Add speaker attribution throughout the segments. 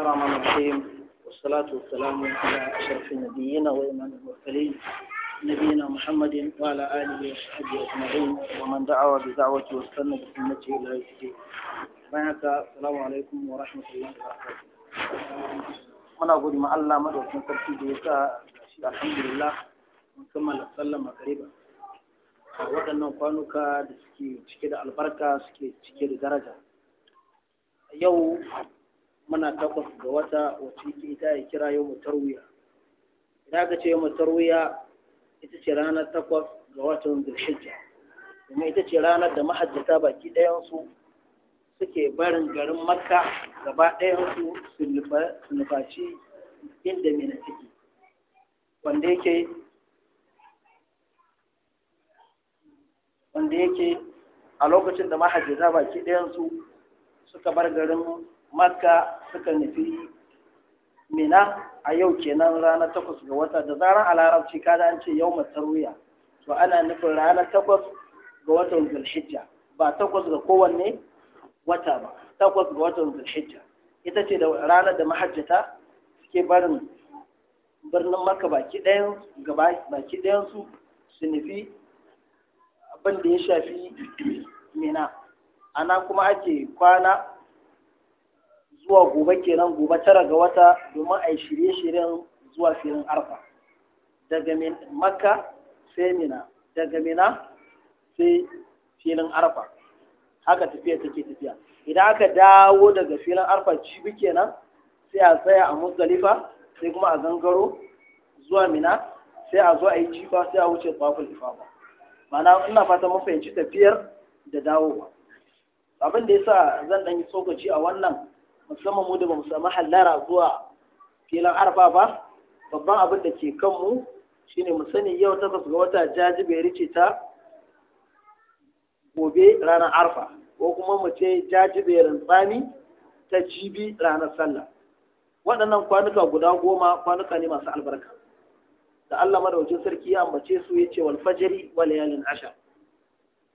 Speaker 1: الرحمن الرحيم والصلاة والسلام على أشرف النبيين وإمام المرسلين نبينا محمد وعلى آله وصحبه أجمعين ومن دعا بدعوة واستنى بسنته إلى يوم الدين. السلام عليكم ورحمة الله وبركاته. muna gode ma Allah madaukakin sarki da ya sa shi alhamdulillah mun kammala sallar magariba a waɗannan kwanuka da suke cike da albarka suke cike da daraja yau muna takwas ga wata wacce ta yi kira yau mutarwiya idan aka ce yau mutarwiya ita ce ranar takwas ga watan zulhijja kuma ita ce ranar da mahajjata baki ɗayansu suke barin garin makka gaba ɗayansu su nufaci inda mina ciki wanda yake wanda yake a lokacin da mahajjata baki ɗayansu suka bar garin Maka suka nufi mina a yau kenan ranar takwas ga wata da zarar a larabci kada an ce yau tarwiya to ana nufin ranar takwas ga watan zulhijja ba takwas ga kowanne wata ba takwas ga watan zulhijja ita ce da ranar da mahajjata suke barin birnin maka baki ɗayan baki ɗayan su su nufi abin da ya shafi mina ana kuma ake kwana zuwa gobe kenan gobe tara ga wata domin a yi shirye-shiryen zuwa filin arfa daga makka sai mina daga mina sai filin arfa haka tafiya take tafiya idan aka dawo daga filin arfa cibi kenan sai a tsaya a muzdalifa sai kuma a gangaro zuwa mina sai a zo a yi jifa sai a wuce tsakul ifaba ma'ana ina fata mun tafiyar da dawowa abin da yasa zan ɗan yi tsokaci a wannan musamman mu da ba mu samu hallara zuwa filan arfa ba babban abin da ke kanmu shine mu sani yau takwas ga wata jajiberi ce ta gobe ranar arfa ko kuma mu ce jajiberin tsami ta jibi ranar sallah waɗannan kwanuka guda goma kwanuka ne masu albarka da Allah madawacin sarki ya ambace su ya ce wal fajri wal yalin ashar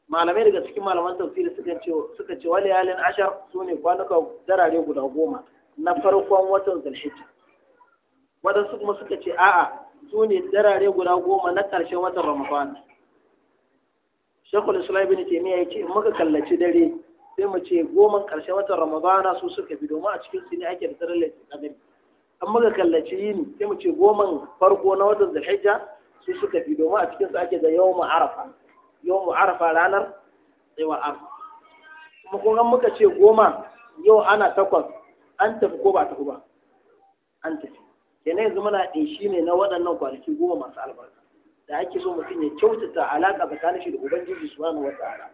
Speaker 1: malamai daga cikin malaman tafsiri suka ce suka ce wal yalin ashar sune kwanuka darare guda goma na farkon watan zulhijja wadansu kuma suka ce a'a sune darare guda goma na karshen watan ramadan shekul islam ibn taymiya yace in muka kallaci dare sai mu ce goma karshen watan ramadan su suka fi domin a cikin su ne ake da daren laifin kadari an muka kallaci yini sai mu ce goma farko na watan zulhijja su suka fi domin a cikin su ake da yawan arafa yau mu arafa ranar tsayuwar arafa kuma kuma muka ce goma yau ana takwas an tafi ko ba tafi ba an tafi kenan yanzu muna shi ne na waɗannan kwanaki goma masu albarka da ake so mutum ya kyautata alaƙa tsakanin shi da ubangiji subhanahu wa ta'ala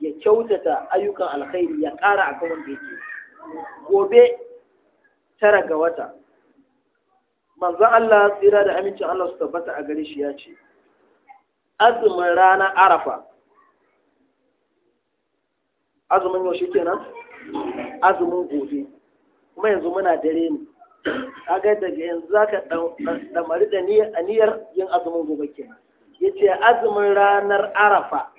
Speaker 1: ya kyautata ayyukan alkhairi ya ƙara a kan wanda yake gobe tara ga wata manzon Allah tsira da amincin Allah su tabbata a gare shi ya ce azumin ranar arafa azumin yau shi kenan azumin gobe kuma yanzu muna dare ne kaga daga yanzu za ka damari da aniyar yin azumin gobe kenan ya ce azumin ranar arafa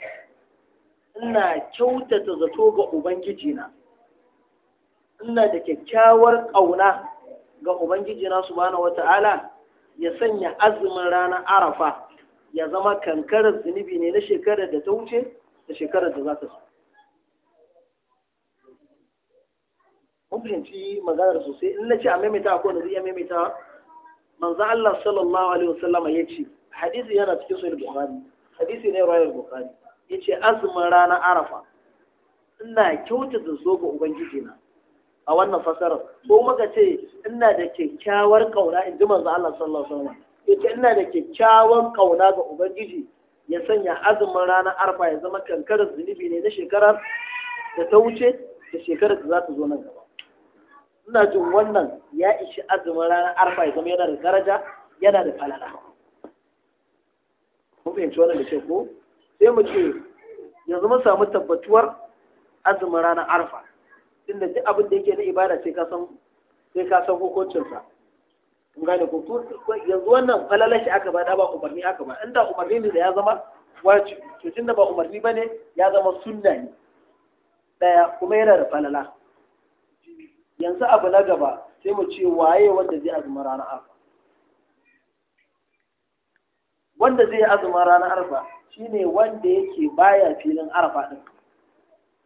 Speaker 1: ina kyautata zato ga ubangijina ina da kyakkyawar ƙauna ga ubangijina subhanahu wata'ala ya sanya azumin ranar arafa ya zama kankarar zunubi ne na shekarar da ta wuce da shekarar da za ta su. mun fahimci maganar sosai in na ce a maimaita akwai wanda zai iya maimaita manzo Allah sallallahu alaihi wasallam ya ce hadisi yana cikin sahih bukhari hadisi ne rawayar bukhari yace azumin rana arafa ina kyautata so ga ubangiji na a wannan fasarar ko muka ce ina da kyakkyawar kauna in ji manzo Allah sallallahu alaihi wasallam ita ina da kyakkyawan ƙauna ga ubangiji ya sanya azumin ranar arfa ya zama kankarar zunubi ne na shekarar da ta wuce da shekarar da za ta zo nan gaba ina jin wannan ya ishi azumin ranar arfa ya zama yana da daraja yana da falala mun fahimci wannan da ce ko sai mu ce yanzu mun samu tabbatuwar azumin ranar arfa inda duk abin da yake na ibada sai ka san sai ka san hukuncinsa kun gane ko to yanzu wannan falalashi aka ba da ba umarni aka ba inda umarni ne da ya zama wajibi to tunda ba umarni bane ya zama sunna ne daya kuma yana da falala yanzu abu na gaba sai mu ce waye wanda zai azumi ranar arfa wanda zai azumi ranar arfa shine wanda yake baya filin arfa din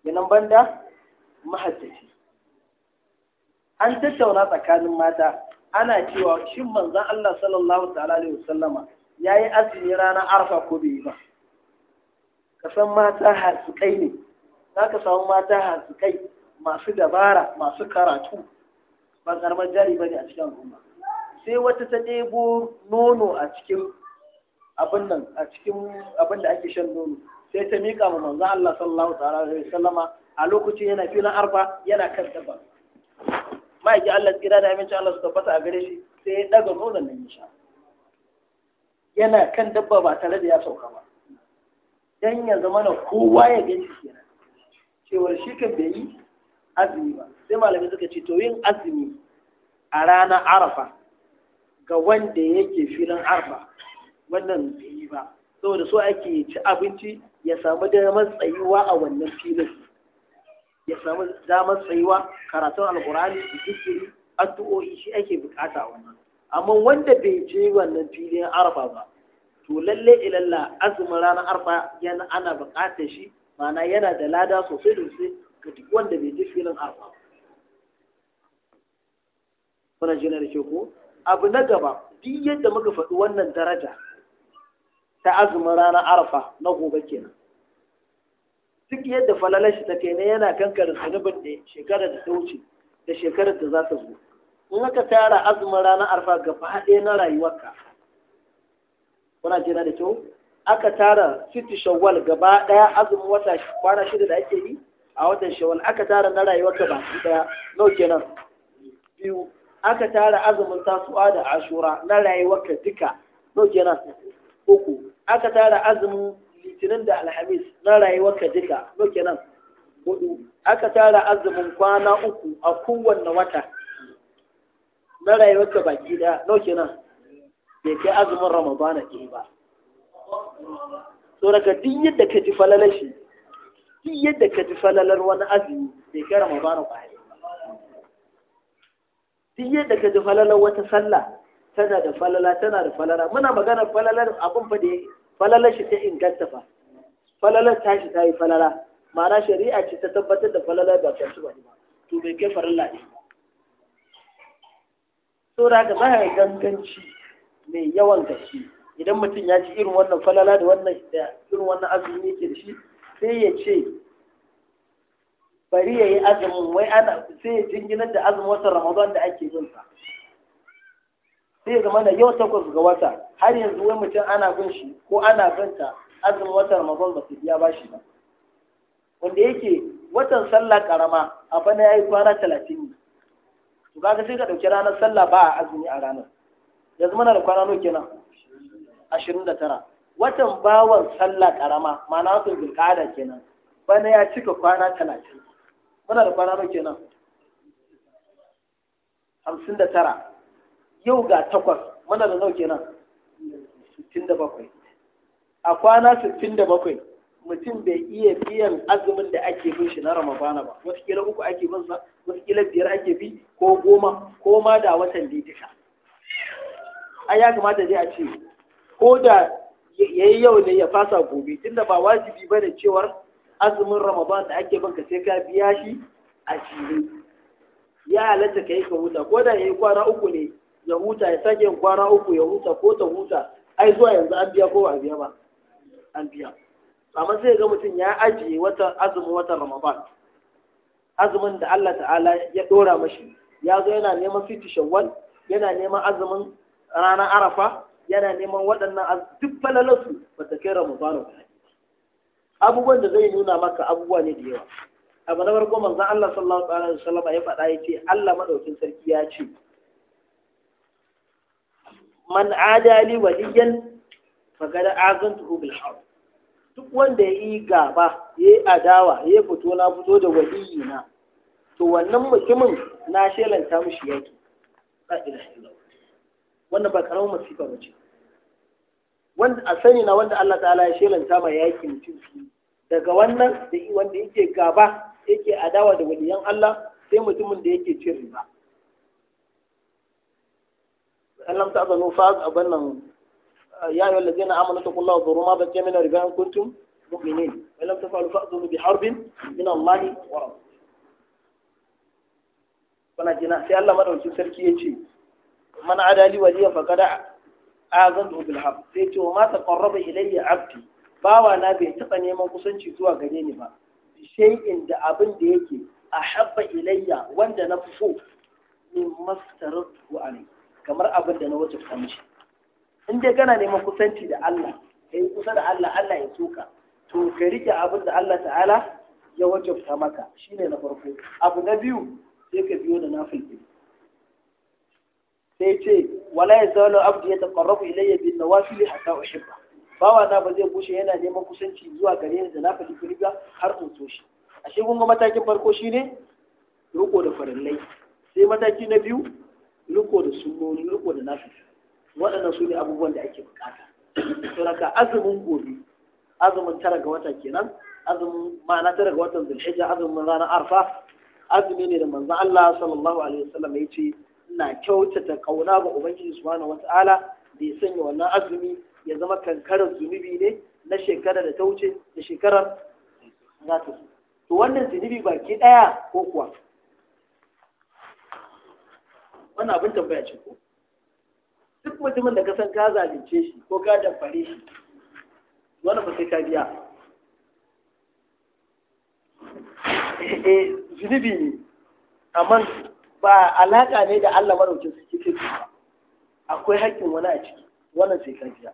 Speaker 1: yanan banda mahajjaci an tattauna tsakanin mata ana cewa shin manzon Allah sallallahu ta'ala alaihi wasallama yayi azumi ranar arfa ko bai yi ba ka san mata kai ne za ka samu mata kai masu dabara masu karatu ba karamar jari ba ne a cikin al'umma sai wata ta ɗebo nono a cikin abin nan a cikin abin da ake shan nono sai ta miƙa ma manzon Allah sallallahu ta'ala alaihi wasallama a lokacin yana filan arfa yana kan dabara ma'aiki Allah tsira da aminci Allah su tabbata a gare shi sai ya daga nonon nan sha yana kan dabba ba tare da ya sauka ba dan ya zama na kowa ya gani kenan cewar shi kan bai yi azumi ba sai malamai suka ce to yin azumi a ranar arafa ga wanda yake filin arafa wannan bai yi ba saboda so ake ci abinci ya samu damar tsayuwa a wannan filin ya samu damar tsayuwa karatun alkurani zikiri addu'o'i shi ake bukata wannan amma wanda bai je wannan filin arfa ba to lalle ilalla azumin ranar arfa yana ana bukatar shi ma'ana yana da lada sosai da sosai ga duk wanda bai je filin arfa ba kuna jina da ke ko abu na gaba duk yadda muka faɗi wannan daraja ta azumin ranar arfa na gobe kenan duk yadda falalar shi take ne yana kankare zunubin da shekarar da ta wuce da shekarar da za ta zo in aka tara azumin ranar arfa gaba ɗaya na rayuwarka kuna jina da kyau aka tara siti shawwal gaba ɗaya azumin wata kwana shida da ake yi a watan shawwal aka tara na rayuwarka ba su ɗaya nau kenan biyu aka tara azumin tasuwa da ashura na rayuwarka duka nau kenan uku aka tara azumin litinin da alhamis na rayuwarka duka no kenan hudu aka tara azumin kwana uku a kowanne wata na rayuwarka baki daya no kenan bai kai azumin ramadana ke ba so daga duk yadda ka ji falalar shi duk yadda ka ji falalar wani azumi bai kai ramadana ba duk yadda ka ji falalar wata sallah tana da falala tana da falala muna maganar falalar abun fa da falala shi ta inganta fa falalar ta shi ta yi falala ma'ana shari'a ce ta tabbatar da falalar ba ta shi ba to bai kai farilla ne saboda haka za a ganganci mai yawan gaske idan mutum ya ci irin wannan falala da wannan da irin wannan azumi yake da shi sai ya ce bari ya yi azumin wai ana sai ya jinginar da azumin watan ramadan da ake yin sa sai zama da yau takwas ga wata har yanzu wai mutum ana bin shi ko ana bin ta azumin watan ramadan ba su biya ba shi ba wanda yake watan sallah karama a bana ya yi kwana talatin ne to kaga sai ka ɗauki ranar sallah ba a azumi a ranar yanzu na da kwana nuke nan ashirin da tara watan bawan sallah karama ma'ana watan zulqa'ada kenan bana ya cika kwana talatin muna da kwana nuke nan? hamsin da tara yau ga takwas muna da nau kenan bakwai. a kwana sittin da bakwai mutum bai iya biyan azumin da ake bin shi na ramadana ba wasu uku ake bin sa wasu biyar ake bi ko goma ko ma da watan da a ya kamata dai a ce ko da ya yi yau ne ya fasa gobe tunda ba wajibi ba da cewar azumin ramadan da ake banka sai ka biya shi a jiri ya halatta ka yi ka huta ko da ya yi kwana uku ne ya huta ya sake kwana uku ya huta ko ta huta ai zuwa yanzu an biya ko ba biya ba an biya amma sai ga mutum ya ajiye wata azumin watan ramadan azumin da Allah ta'ala ya dora mashi ya zo yana neman fiti shawwal yana neman azumin ranar arafa yana neman waɗannan duk falalarsu ba ta kai ramadan ba abubuwan da zai nuna maka abubuwa ne da yawa abu na farko manzon Allah sallallahu alaihi wasallam ya faɗa ya ce Allah madaukin sarki ya ce man adali waliyan azan azantuhu bil duk wanda ya yi gaba ya yi adawa ya fito na fito da waliyina to wannan mutumin na shelanta mishi yaki wannan ba karamin masifa ba ce wanda a sani na wanda Allah ta'ala ya shelanta ma yaki mutum su daga wannan da wanda yake gaba yake adawa da waliyan Allah sai mutumin da yake cin riba in lam ta'zanu fa abin nan ya ayyuhal ladzina amanu taqullaha wa dhuru ma baqiya min riba in kuntum mu'minin in lam taf'alu fa'zunu bi harbin min Allah wa rasul kana jina sai Allah madaukakin sarki yace man adali waliya faqad azantu bil hab sai to ma taqarraba ilayya abdi bawa na bai taba neman kusanci zuwa gare ni ba shay'in da abin da yake ahabba ilayya wanda na fi so min mastaratu alayhi kamar abin da na wuce kamshi in dai kana neman kusanci da Allah kai kusa da Allah Allah ya soka to ka rike abin da Allah ta'ala ya wuce maka shine na farko abu na biyu sai ka biyo da nafilin sai ce wala ya zalo abdu ya taqarrabu ilayya bin nawafil hatta uhibba bawa na ba zai bushe yana neman kusanci zuwa gare ni da na faɗi har in so shi ashe kun matakin farko shine riko da farillai sai mataki na biyu riko da sunnoni riko da nafi waɗannan su ne abubuwan da ake bukata to azumin gobe azumin tara ga wata kenan azumin ma'ana tara ga watan zulhijja azumin ranar arfa azumi ne da manzon Allah sallallahu alaihi wasallam ya ce ina kyautata kauna ga ubangiji subhanahu wataala da ya sanya wannan azumi ya zama kankarar zunubi ne na shekarar da ta wuce da shekarar za ta to wannan zunubi baki ɗaya ko kuwa wannan abin tambaya ce ko duk mutumin da ka san ka zalunce shi ko ka damfare shi wannan ba sai ka biya eh zunubi ne amma ba alaka ne da Allah marauci su ke ce akwai haƙƙin wani a ciki wannan sai ka biya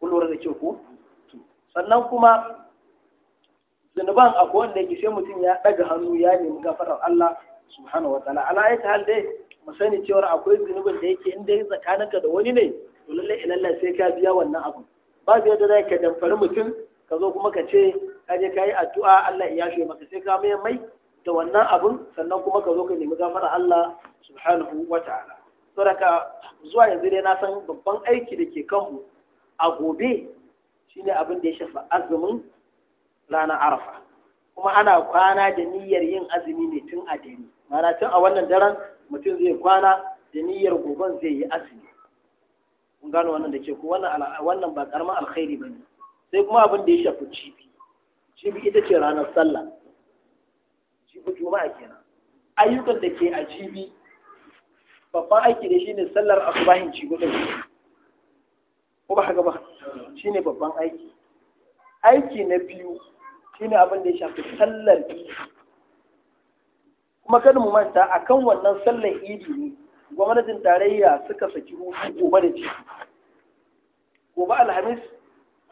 Speaker 1: kun lura da kyau ko sannan kuma zunuban akwai wanda yake sai mutum ya ɗaga hannu ya nemi gafarar Allah subhanahu ta'ala ala ayati hal dai mu sani cewa akwai zunubin da yake inda ya tsakaninka da wani ne to lalle ilalla sai ka biya wannan abu ba zai da zai ka damfari mutum ka zo kuma ka ce ka je ka yi addu'a Allah ya shi maka sai ka mai mai da wannan abun sannan kuma ka zo ka nemi gafara Allah subhanahu wataala raka zuwa yanzu dai na san babban aiki da ke kanmu a gobe shine abin da ya shafa azumin ranar arafa kuma ana kwana da niyyar yin azumi ne tun a dare mana can a wannan daren mutum zai kwana da niyyar goben zai yi azumi kun gano wannan da ke ku wannan ba karamin alkhairi ba ne sai kuma abin da ya shafi cibi cibi ita ce ranar sallah cibi juma'a kenan ayyukan da ke a cibi babban aiki da shi ne sallar asubahin cibi din ko ba haka ba shi ne babban aiki aiki na biyu shi ne abin da ya shafi sallar biyu kuma kada mu manta kan wannan sallar idi ne gwamnatin tarayya suka saki hutu gobe da ciki gobe alhamis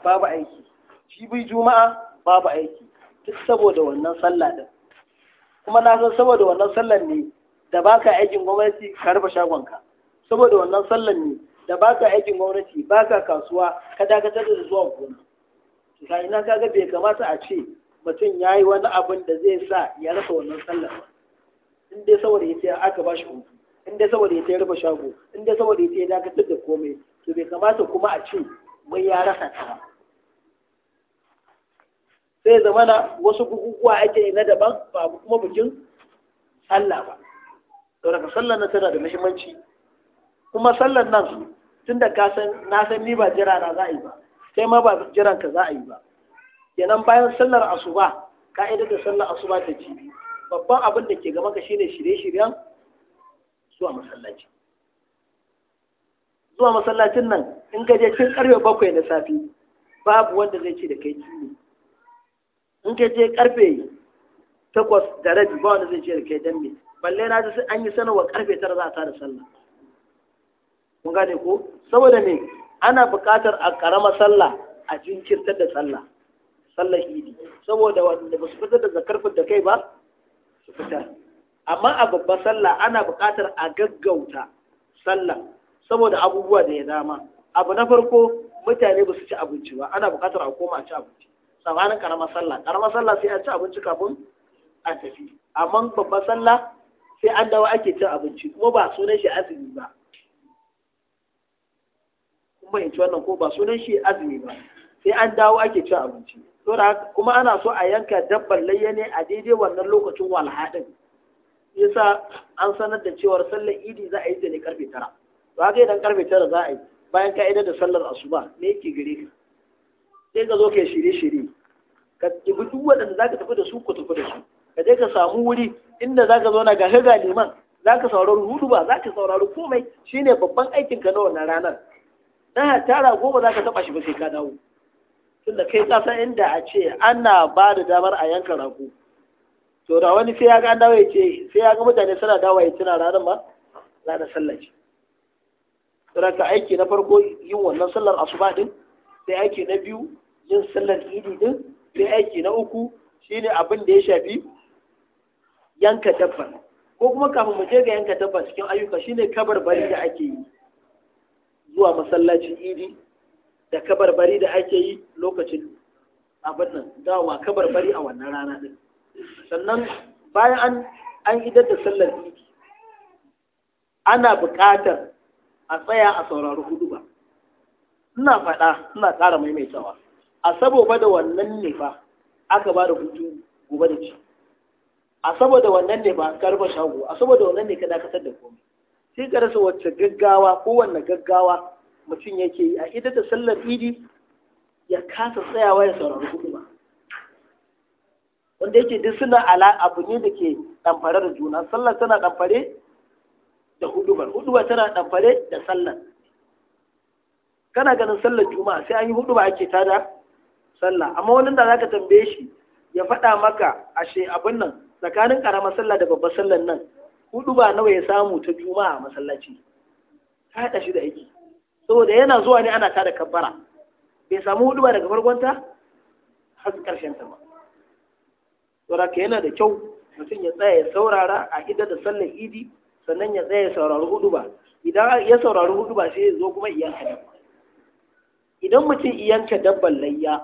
Speaker 1: babu aiki jibi juma'a babu aiki duk saboda wannan sallah din kuma na san saboda wannan sallar ne da baka aikin gwamnati ka rufe shagonka saboda wannan sallar ne da baka aikin gwamnati baka kasuwa ka dakatar da zuwa gona to ina kaga bai kamata a ce mutum yayi wani abin da zai sa ya rasa wannan sallar ba in dai saboda ya ce aka ba shi hutu in dai saboda ya ce rufe shago in dai saboda ya ce dakatar da komai to bai kamata kuma a ce wai ya rasa ta sai zamana wasu bukukuwa ake na daban ba kuma bikin Allah ba to daga sallar nan tana da muhimmanci kuma sallar nan tun da san na san ni ba jira na za a yi ba sai ma ba jiran ka za a yi ba kenan bayan sallar asuba ka'idar da sallar asuba ta jibi babban abin da ke gama ka shine shirye-shiryen zuwa masallaci zuwa masallacin nan in ka je cin karfe bakwai na safi babu wanda zai ce da kai kini in ka je karfe takwas da rabi ba wanda zai ce da kai dambe balle na ji an yi sanarwa karfe tara za a tara sallah kun gane ko saboda me ana buƙatar a ƙarama sallah a jinkirtar da sallah sallah idi saboda wanda ba su fitar da zakarfin da kai ba fitar amma a babban sallah ana buƙatar a gaggauta sallah saboda abubuwa da ya dama abu na farko mutane ba su ci abinci ba ana buƙatar a koma a ci abinci tsamanin karamar sallah karamar sallah sai a ci abinci kafin a tafi amma babban sallah sai an dawo ake cin abinci kuma ba sunan shi azumi ba kun ci wannan ko ba sunan shi azumi ba sai an dawo ake cin abinci kuma ana so a yanka dabbar layya ne a daidai wannan lokacin walha din yasa an sanar da cewar sallar idi za a yi ta ne karfe tara to haka idan karfe tara za a yi bayan ka da sallar asuba me yake gare ka sai ka zo ka shirye-shirye ka tafi duk waɗanda za ka tafi da su ku tafi da su ka je ka samu wuri inda za ka zauna ga haga liman za ka saurari hudu ba za ka saurari komai shine babban aikinka na wannan ranar Na tara goma za ka taɓa shi ba sai ka dawo tunda kai san inda a ce ana ba da damar a yanka rago to da wani sai ya ga dawo ya ce sai ya ga mutane suna dawo ya tuna ranar ma ranar sallah ce Raka aiki na farko yin wannan sallar asuba din sai aiki na biyu yin sallar idi din sai aiki na uku shine abin da ya shafi yanka dabba ko kuma kafin mu je ga yanka dabba cikin ayyuka shine kabar bari da ake yi zuwa masallacin idi da kabarbari da ake yi lokacin abin nan dawa kabarbari a wannan rana din sannan bayan an an idar da sallar idi ana buƙatar a tsaya a saurari hudu ba ina faɗa ina ƙara maimaitawa a saboda da wannan ne fa aka ba da hutu gobe da ci a saboda wannan ne ba karba shago a saboda wannan ne ka dakatar da komai sai ka rasa wacce gaggawa ko wanne gaggawa mutum yake yi a ita da sallar idi ya kasa tsayawa ya saurari hukuma wanda yake duk suna ala abu ne da ke ɗamfare da juna sallar tana damfare da hudubar hudubar tana damfare da sallar kana ganin sallar juma'a sai an yi huduba ake tada sallah amma wani da zaka tambaye shi ya faɗa maka ashe abin nan tsakanin ƙaramar sallah da babbar sallar nan huduba nawa ya samu ta juma'a masallaci ta haɗa shi da aiki saboda yana zuwa ne ana ta da kabbara bai samu hudu ba daga farkonta har karshen ta ba saboda ka yana da kyau mutum ya tsaya ya saurara a ida da sallar idi sannan ya tsaya ya saurari hudu ba idan ya saurari hudu ba sai ya zo kuma iyanka dabba idan mutum iyanka dabban layya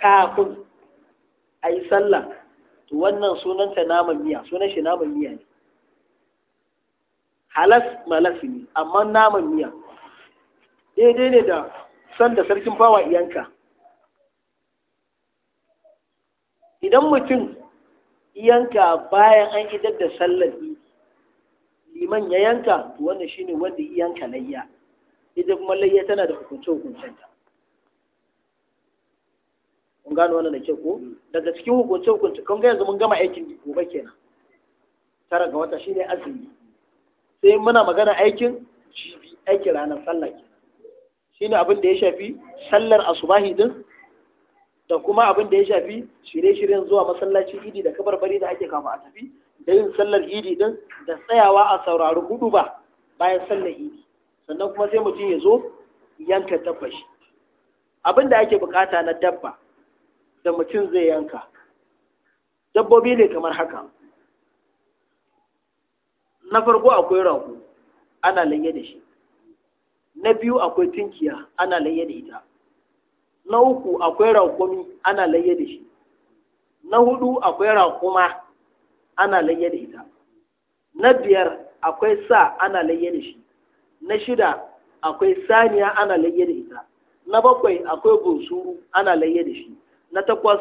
Speaker 1: kafin a yi sallah to wannan sunanta naman miya sunan shi naman miya ne halas malas ne amma naman miya daidai ne da san da sarkin fawa iyanka idan mutum iyanka bayan an idar da sallar liman ya yanka to wannan shine wanda iyanka layya ita kuma layya tana da hukunce hukuncenta kun gano wannan da ke ko daga cikin hukunce hukunce kun ga yanzu mun gama aikin gobe kenan tara ga wata shine azumi sai muna magana aikin jibi aikin ranar sallah shine abin da ya shafi sallar asubahi din da kuma abin da ya shafi shirye-shiryen zuwa masallacin idi da kabarbari da ake kama a tafi da yin sallar idi din da tsayawa a saurari hudu ba bayan sallar idi sannan kuma sai mutum ya zo yanka shi abin da ake bukata na dabba da mutum zai yanka dabbobi ne kamar haka na farko akwai rago ana lanye da shi na biyu akwai tunkiya ana layya da ita na uku akwai raƙumi ana layya da shi na hudu akwai raƙuma ana layya da ita na biyar akwai sa ana layya da shi na shida akwai saniya ana layya da ita na bakwai akwai bunsuru ana layya da shi na takwas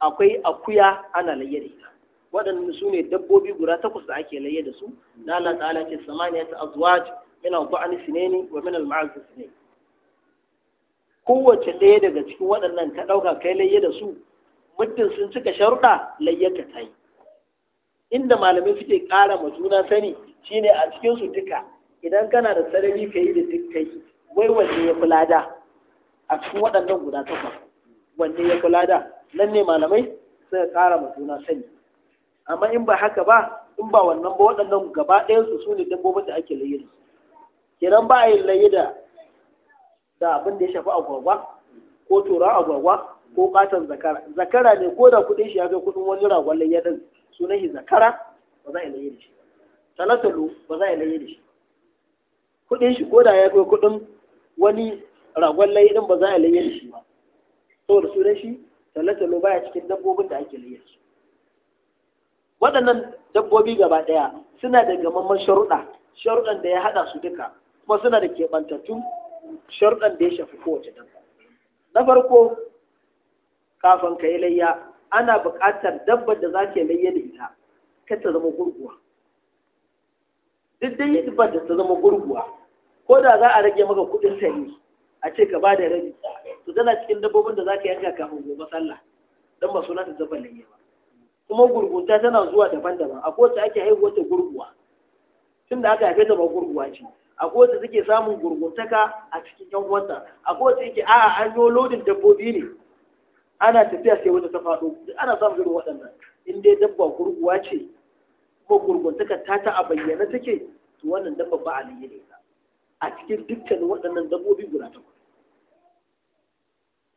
Speaker 1: akwai akuya ana layya da ita waɗannan su ne dabbobi guda takwas da ake layya da su da Allah ta'ala ce samaniya ta azwaj من al سنين ومن wa سنين قوة تلية kowace ɗaya daga cikin waɗannan ka ɗauka kai layya da su muddin sun cika sharuɗa layyaka ta yi inda malamai suke ƙara ma juna sani shine a duka idan kana da sarari ka yi da duk kai wai wanne ya kula da. a cikin waɗannan guda wanne ya kula da? nan ne malamai suka ƙara juna sani amma in ba haka ba in ba wannan ba waɗannan gaba ɗayan su ne dabbobin da ake layyar kenan ba yin layi da da abin da ya shafi agwagwa ko tura agwagwa ko katon zakara zakara ne ko da kudin shi ya kai kudin wani ragon layi din sunan shi zakara ba za a yi layi da shi talatalo ba za a yi layi da shi kudin shi ko da ya kai kudin wani ragon layi din ba za a yi layi da shi ba saboda sunan shi talatalo baya cikin dabbobin da ake layi da su waɗannan dabbobi gaba ɗaya suna da gamamman sharuɗa sharuɗan da ya haɗa su duka kuma suna da keɓantattun sharɗan da ya shafi kowace dabba na farko kafin ka yi layya ana buƙatar dabbar da za ka yi layya da ita ka ta zama gurguwa duk dai dabbar da ta zama gurguwa ko da za a rage maka kuɗin sayi a ce ka ba da rabi to tana cikin dabbobin da za ka yanka kafin gobe sallah don ba suna ta dabbar layya ba kuma gurguta tana zuwa daban-daban a kowace ake haihuwa ta gurguwa tun da aka haife ta ba gurguwa ce akwai wacce take samun gurguntaka a cikin yan uwanta akwai wacce yake a'a an yo lodin dabbobi ne ana tafiya sai wata ta faɗo ana samun irin waɗannan in dai dabba gurguwa ce kuma gurguntaka ta ta a bayyana take to wannan dabba ba a ne ta a cikin dukkanin waɗannan dabbobi guda takwas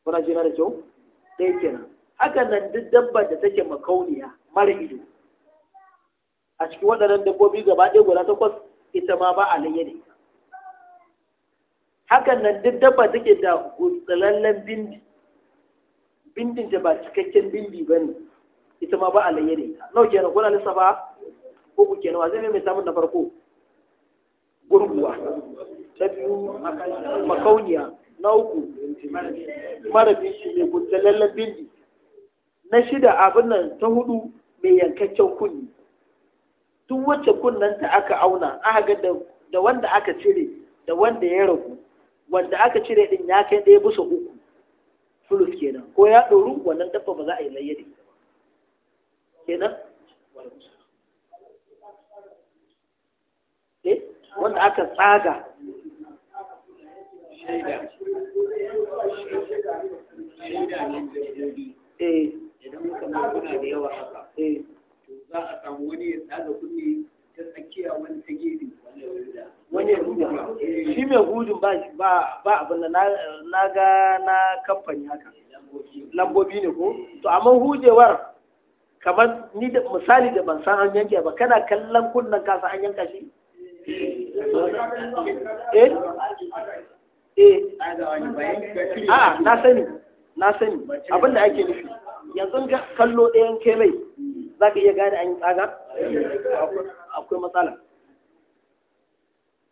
Speaker 1: kuna jira da kyau ɗaya kenan haka nan duk dabba da take makauniya mara ido a cikin waɗannan dabbobi gaba ɗaya guda takwas ita ma ba a layyade hakan nan duk dabba take da gutsalallen bindi bindin da ba cikakken bindi ba ne ita ma ba a layyare ita nau kenan kuna lissafa ko ku kenan wa zai mai samun na farko gurguwa ta biyu makauniya na uku mara bindi mai gutsalallen bindi na shida abin nan ta hudu mai yankakken kunni duk wacce kunnen ta aka auna aka ga da wanda aka cire da wanda ya ragu wanda aka cire din ya kai ɗaya bisa uku fulus kenan ko ya ɗoru wannan dabba ba za a yi layyade kenan eh? wanda aka tsaga shaida eh.
Speaker 2: idan muka da yawa haka
Speaker 1: eh. to za a samu wani ya tsaga kuɗi tsakiya wani ta gefe wani ya hudu shi mai hudun ba abin da na ga na kamfani haka lambobi ne ko to amma hujewar kamar ni da misali da ban san an yanke ba kana kallon kunnen kasa an yanka shi eh eh a na sani na sani abin da ake nufi yanzu kallo ɗayan kai mai za ka iya gane an yi tsaga akwai matsala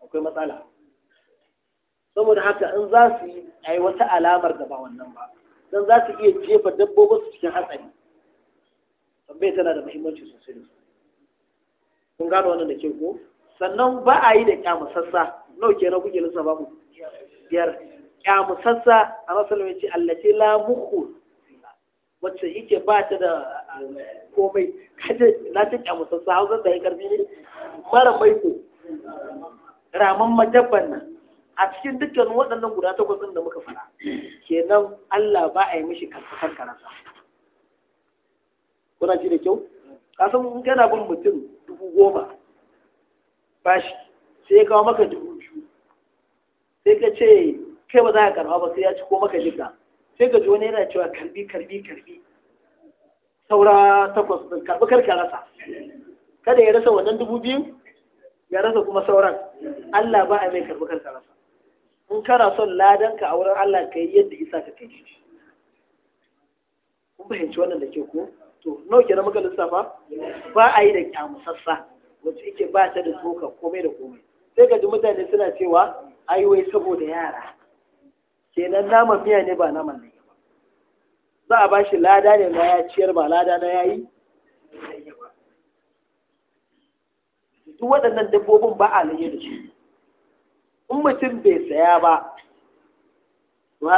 Speaker 1: akwai matsala saboda haka in za su yi ai wata alamar da ba wannan ba don za su iya jefa dabbobin su cikin hatsari tambayi tana da mahimmanci sosai da su kun gano wannan da ke ko sannan ba a yi da kyamusassa nau na kuke lissa ba mu biyar kyamusassa a masalmi ce la muku wacce yake ba ta da komai kaje na ta kyamu sassa hausa da ya karfi ne mara maiko raman majabban nan a cikin dukkan waɗannan guda takwas da muka fara kenan Allah ba a yi mishi karfafar karasa kuna ji da kyau kasan san in kana bin mutum dubu goma bashi sai ya kawo maka dubu biyu sai ka ce kai ba za ka karɓa ba sai ya ci ko maka jika sai ka ji wani yana cewa karbi karbi karbi saura takwas ɗin karɓi karka rasa kada ya rasa wannan dubu biyu ya rasa kuma sauran Allah ba a mai karɓi karka rasa in kana son ladanka a wurin Allah ka yi yadda isa ka kai kun fahimci wannan da ke ko to nawa na maka lissafa ba a yi da kyamusassa wacce ike ba ta da tsoka komai da komai sai ka ji mutane suna cewa ai saboda yara kenan naman miya ne ba naman ne za a bashi lada ne na ya ciyar ba lada na yi. duk waɗannan dabbobin ba a laye da su in mutum bai saya ba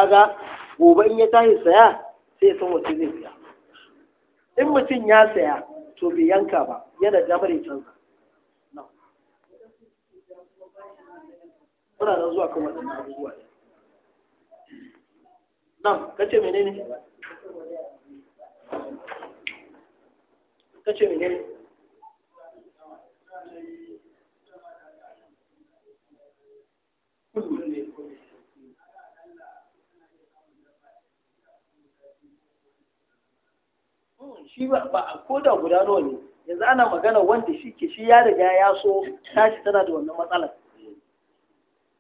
Speaker 1: ga gobe in ya tashi saya sai san wace zai saya in mutum ya saya to bai yanka ba yana damar ya canza muna nan zuwa kan waɗannan abubuwa nan kace menene ta ce mene hmm, shi ba a koda guda nawa ne yanzu ana magana wanda shi ke shi ya riga ya so tashi tana da wannan matsalar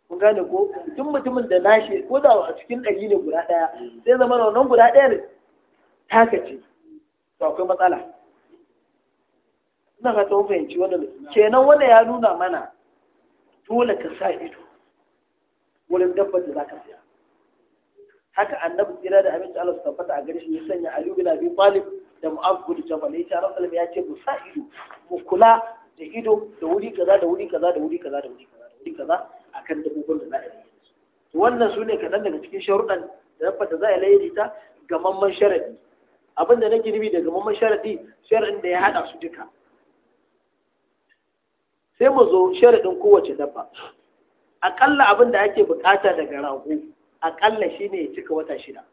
Speaker 1: kun gane ko duk mutumin da nashi ko da a cikin ɗari ne guda ɗaya sai zama wannan guda ɗaya ne taka ce to akwai matsala ina ka ta fahimci wannan kenan wanda ya nuna mana dole ka sa ido wurin dabbar da za ka siya haka annabi tsira da abinci Allah su tabbata a gare shi ya sanya Aliyu bin Abi Talib da Mu'adh bin Jabal ya ce Rasul ya ce mu sa ido mu kula da ido da wuri kaza da wuri kaza da wuri kaza da wuri kaza da wuri kaza akan dabbobin da za a yi wannan su ne daga cikin sharuɗan da dabbar da za a yi ta gamamman sharadi abin da nake nufi daga mamman sharadi sharadin da ya hada su duka sai mu zo sharadin kowace dabba akalla abin da ake bukata daga rago akalla shi ya cika wata shida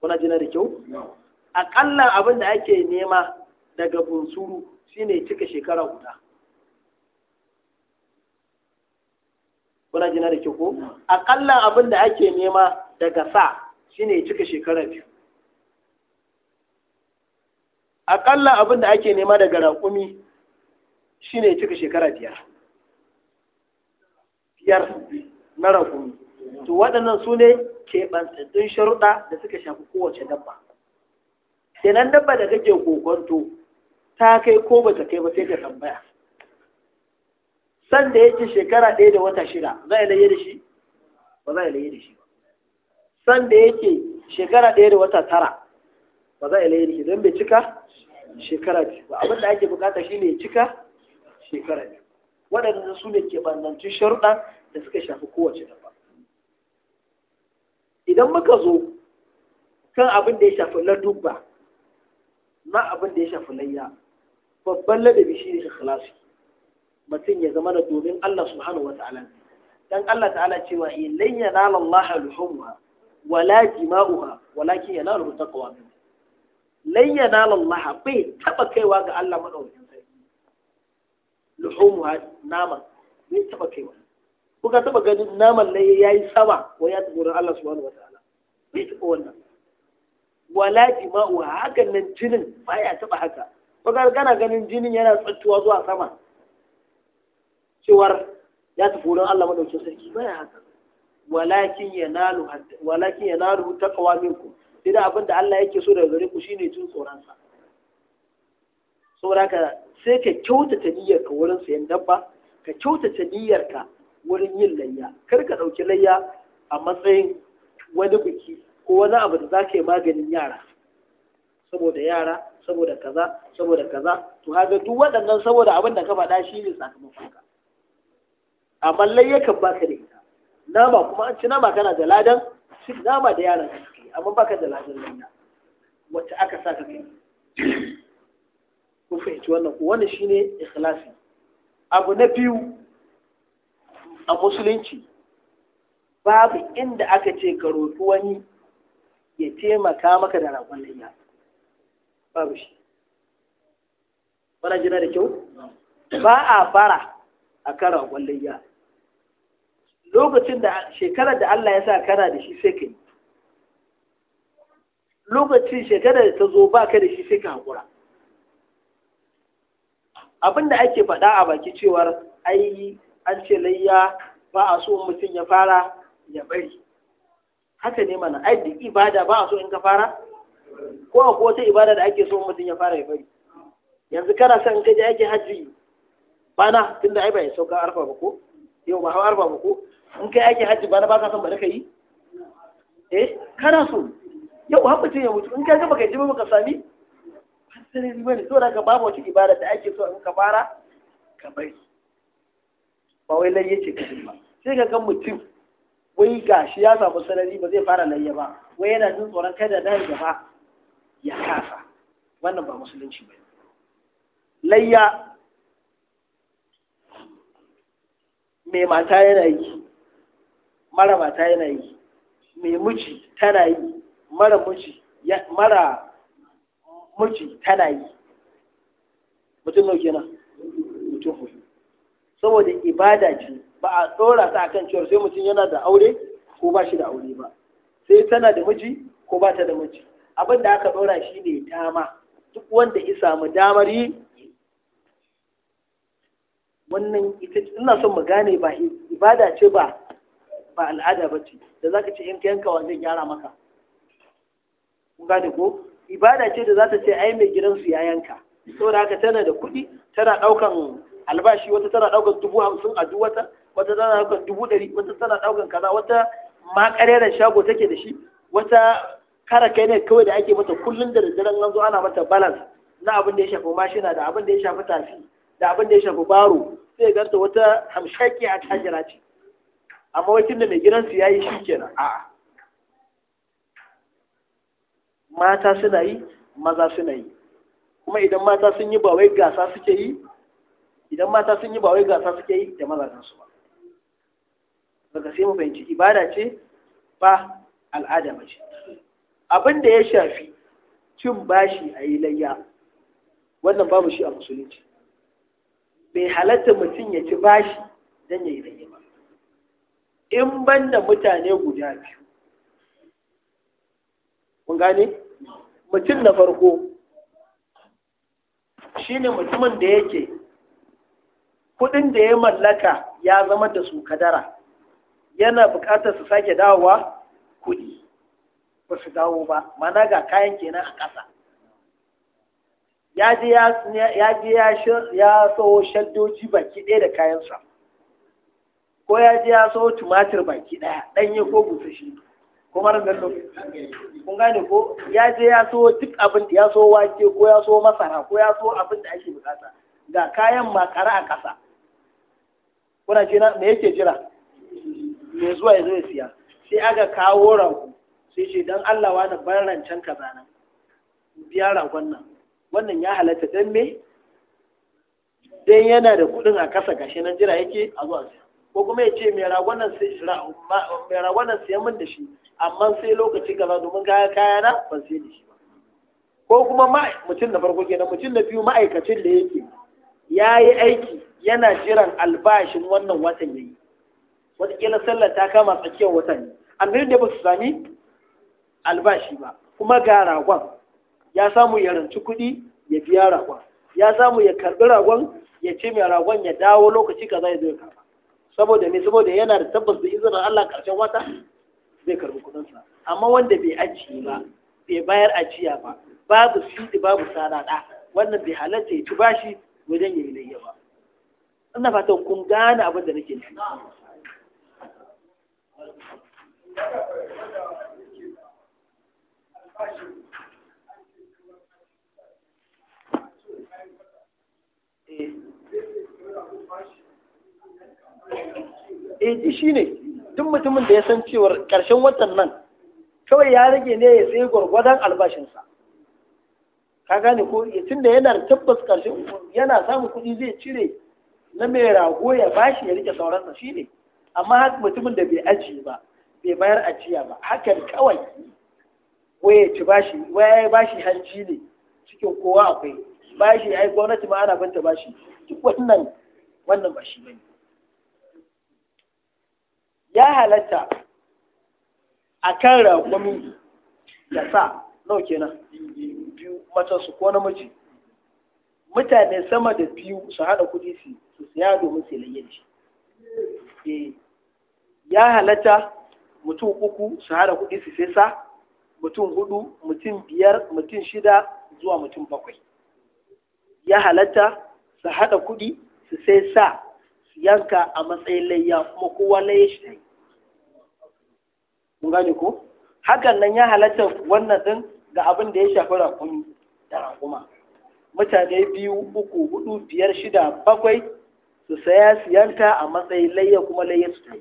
Speaker 1: kuna jina da kyau akalla abin da ake nema daga bunsuru shi ya cika shekara guda kuna jina da kyau ko akalla abin da ake nema daga sa shi ya cika shekara biyu aƙalla abin da ake nema daga raƙumi shi ya cika shekara biyar biyar na raƙumi to waɗannan su ne keɓantattun sharuɗa da suka shafi kowace dabba kenan dabba da kake kokonto ta kai ko ba ta kai ba sai ka tambaya sanda yake shekara ɗaya da wata shida za a laye da shi ba za a laye da shi san da yake shekara ɗaya da wata tara ba za a ilayi don bai cika shekara biyu ba abin da ake bukata shine ya cika shekara biyu waɗanda su ne ke bandancin sharuɗa da suka shafi kowace dafa idan muka zo kan abin da ya shafi dubba na abin da ya shafi layya babban ladabi shi ne ikhlasi mutum ya zama da domin Allah subhanahu wa ta'ala dan Allah ta'ala cewa in layya yanala Allah luhumha wala jima'uha walakin yanalu taqwa min lan yanala Allah bai taba kaiwa ga Allah madaukakin sarki luhumuha nama bai taba kaiwa kuka taba ganin naman laye yayi sama ko ya tafi wurin Allah subhanahu wataala bai taba wannan wala jima'uha hakan nan jinin baya taba haka kuka kana ganin jinin yana tsattuwa zuwa sama cewar ya tafi wurin Allah madaukakin sarki baya haka walakin ya nalu ta taqwa minkum sai da abinda Allah yake so da gare ku shine jin tsoronsa. sa saboda ka sai ka kyauta niyyar ka wurin sayan dabba ka kyauta niyyar ka wurin yin layya kar ka ɗauki layya a matsayin wani biki ko wani abu da zaka yi maganin yara saboda yara saboda kaza saboda kaza to haka duk waɗannan saboda abin da ka faɗa shine sakamakon ka amma layya kan baka ne nama kuma an ci nama kana da ladan ci nama da yaran suke amma baka da ladan nan wacce aka sa ka kai ku fahimci wannan ku wannan shine ikhlasi abu na biyu a musulunci babu inda aka ce ka roƙi wani ya taimaka maka da ragon layya babu shi bana jina da kyau ba a fara a kan ragon layya lokacin da shekarar da Allah ya sa kana da shi sai ka yi lokacin shekarar da ta zo ba ka da shi sai ka haƙura abin da ake faɗa a baki cewar ai an ce layya ba a so mutum ya fara ya bari haka ne mana ai duk ibada ba a so in ka fara ko a wata ibada da ake so mutum ya fara ya bari yanzu kana son ka je ake hajji bana tunda ai ba ya sauka arfa ba ko yau ba hawa arfa ba ko in kai aiki hajji ba na baka ba bari ka yi eh kana so yau har ce ya mutu in kai gaba ka ji ba ka sami hasiri ba ne saboda ka babu wata ibada da ake so in ka fara ka bari ba wai lai yace ka ba sai ka kan mutum wai gashi ya samu sarari ba zai fara layya ba wai yana jin tsoron kai da nan gaba ya kasa wannan ba musulunci ba layya mai mata yana yi mara mata yana yi mai miji tana yi mara miji mara muci tana yi mutum nauke na mutum hudu saboda ibada ce ba a tsora ta akan cewar sai mutum yana da aure ko ba shi da aure ba sai tana da miji ko ba ta da miji abin da aka ɗora shi ne dama duk wanda ya samu damar yi wannan ita ina son mu gane ba ibada ce ba ba al'ada ba ce da za ka ce in ka yanka wa zai gyara maka kun gane ko ibada ce da za ta ce ai mai gidansu ya yanka saboda haka tana da kuɗi tana ɗaukan albashi wata tana ɗaukan dubu hamsin a duk wata wata tana ɗaukan dubu ɗari wata tana ɗaukan kaza wata ma shago take da shi wata kara kai ne kawai da ake mata kullum da daddaren nan zo ana mata balance na abin da ya shafi mashina da abin da ya shafi tafi da abin da ya shafi baro sai garta wata hamshaki a tajira ce amma wakil da mai gidansu ya yi shi kenan a'a mata suna yi maza suna yi kuma idan mata sun yi ba wai gasa suke yi idan mata sun yi ba wai gasa suke yi da mazajen su ba daga sai mu fahimci ibada ce ba al'ada ba abin da ya shafi cin bashi a yi layya wannan babu shi a musulunci bai halatta mutum ya ci bashi don ya yi layya ba in banda mutane guda biyu kun gane mutum na farko Shi ne mutumin da yake kudin da ya mallaka ya zama da su kadara yana bukatar su sake dawowa kudi ba su dawo ba mana ga kayan kenan a ƙasa ya je ya sawo shaddoji baki ɗaya da kayansa ko ya je ya so tumatir baki ɗaya ɗanye ko busashi ko mara gallo kun gane ko ya je ya so duk abin da ya so wake ko ya so masara ko ya so abin da ake bukata ga kayan makara a ƙasa kuna ce me yake jira me zuwa ya zo ya siya sai aka kawo rago sai ce dan Allah wani bar rancen kaza nan biya ragon nan wannan ya halatta dan me dan yana da kuɗin a kasa gashi nan jira yake a zuwa siya ko kuma ya ce mai ragon nan siyan min da shi amma sai lokaci gaba domin kaya kaya na ban sai da shi ba ko kuma mutum na farko kenan mutum na biyu ma'aikacin da yake ya yi aiki yana jiran albashin wannan watan yayi wataƙila sallar ta kama tsakiyar watan ne annabi da ba su sami albashi ba kuma ga ragon ya samu ya ranci kuɗi ya biya ragon ya samu ya karɓi ragon ya ce mai ragon ya dawo lokaci kaza ya zo ya karɓa saboda me saboda yana da tabbas da izinin Allah karshen wata zai karbi kudinsa amma wanda bai ajiye ba bai bayar ajiya ba babu sidi babu sarada wannan bai halatta ya ci bashi wajen yayi layya ba ina fatan kun gane abin da nake nufi Thank eh. you. Eji eh, shi ne duk mutumin da ya san cewar ƙarshen watan nan kawai ya rage ne ya tsaye gwargwadon albashinsa ka gane ko eh, tun da yana tabbas ƙarshen yana samun kuɗi zai cire na mai rago ya bashi ya rike sauransa shi ne amma haka mutumin da bai ajiye ba bai bayar ajiya ba hakan kawai waye ci bashi waye bashi hanci ne cikin kowa akwai bashi ai gwamnati ma ana binta bashi duk wannan wannan ba shi bane ya halatta a kan raƙumi da sa nau kenan biyu matansu ko namiji mutane sama da biyu su hada kuɗi su su siya domin su eh, ya halatta mutum uku su hada kuɗi su sai sa mutum hudu mutum biyar mutum shida zuwa mutum bakwai ya halatta su hada kuɗi su sai sa yanka a matsayin layya kuma kowa layya shi ne. yi kun gane ko hakan nan ya halatta wannan din ga abin da ya shafi raƙumi da raƙuma mutane biyu uku hudu biyar shida bakwai su saya su yanka a matsayin layya kuma layya su ne.